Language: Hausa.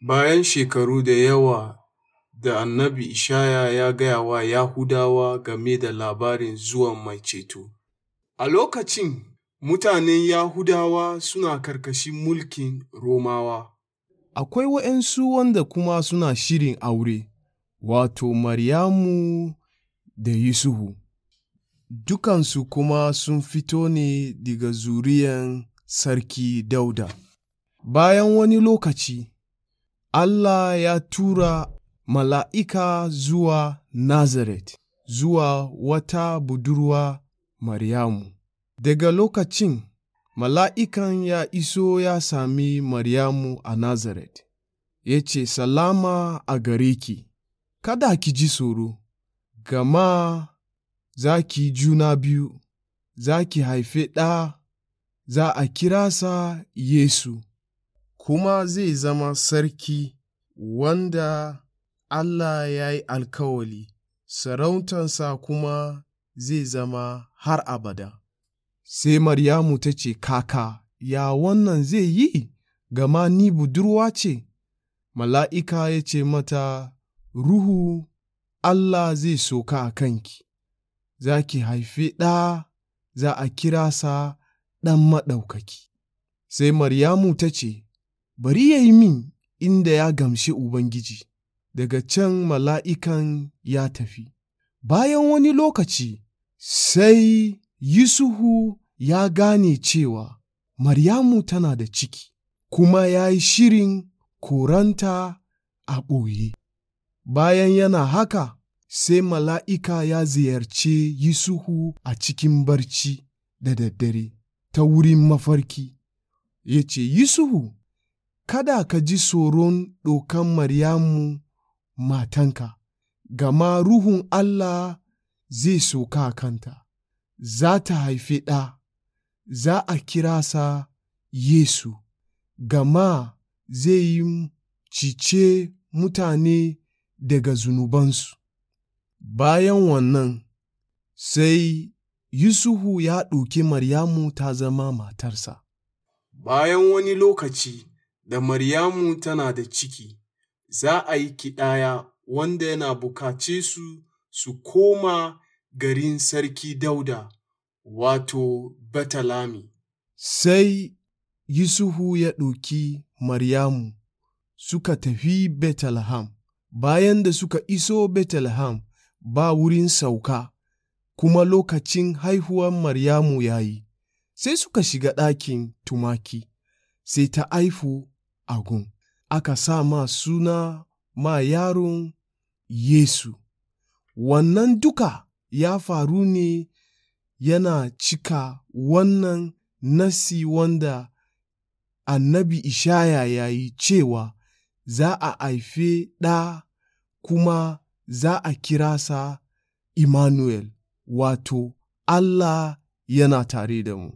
Bayan shekaru da yawa da annabi Ishaya ya gaya wa Yahudawa game da labarin zuwan Mai Ceto, a lokacin mutanen Yahudawa suna karkashin mulkin Romawa. Akwai wayansu wanda kuma suna shirin aure, wato Maryamu da Yusufu, dukansu kuma sun fito ne daga zuriyan Sarki Dauda. Bayan wani lokaci, Allah ya tura mala'ika zuwa Nazaret, zuwa wata budurwa Maryamu. Daga lokacin, mala'ikan ya iso ya sami Maryamu a Nazaret, ya ce, Salama a gare ki, kada ki ji tsoro, gama za ki juna biyu, za ki haife ɗa, za a kirasa Yesu. kuma zai zama sarki wanda Allah ya yi alkawali, sarautansa kuma zai zama har abada. Sai Maryamu ta ce, Kaka, ya wannan zai yi, gama ni budurwa ce, mala'ika ya ce mata, Ruhu, Allah zai soka a kanki, za ki haifi ɗa, za a kira sa ɗan maɗaukaki. Sai Maryamu ta ce, Bari ya yi min inda ya gamshe Ubangiji, daga can mala'ikan ya tafi. Bayan wani lokaci, sai yusuhu ya gane cewa Maryamu tana da ciki, kuma ya yi shirin koranta a ɓoye. Bayan yana haka, sai mala'ika ya ziyarce yusuhu a cikin barci da daddare ta wurin mafarki, ya ce, Kada ka ji tsoron ɗokan Maryamu matanka, gama Ruhun Allah zai soka kanta, za ta haifi ɗa, za a kira sa Yesu, gama zai yi cice mutane daga zunubansu. Bayan wannan, sai Yusufu ya ɗauki Maryamu ta zama matarsa. Bayan wani lokaci, da Maryamu tana da ciki, za a yi kiɗaya wanda yana bukace su su koma garin Sarki Dauda, wato Batalami. Sai Yusufu ya ɗauki Maryamu suka tafi Betlehem, bayan da suka iso Betlehem ba wurin sauka, kuma lokacin haihuwar Maryamu ya yi, sai suka shiga ɗakin tumaki, sai ta aifu agun aka sa ma suna ma yaron Yesu. Wannan duka ya faru ne yana cika wannan nasi wanda annabi Ishaya ya yi cewa za a haife ɗa kuma za a kira sa Immanuel, wato Allah yana tare da mu.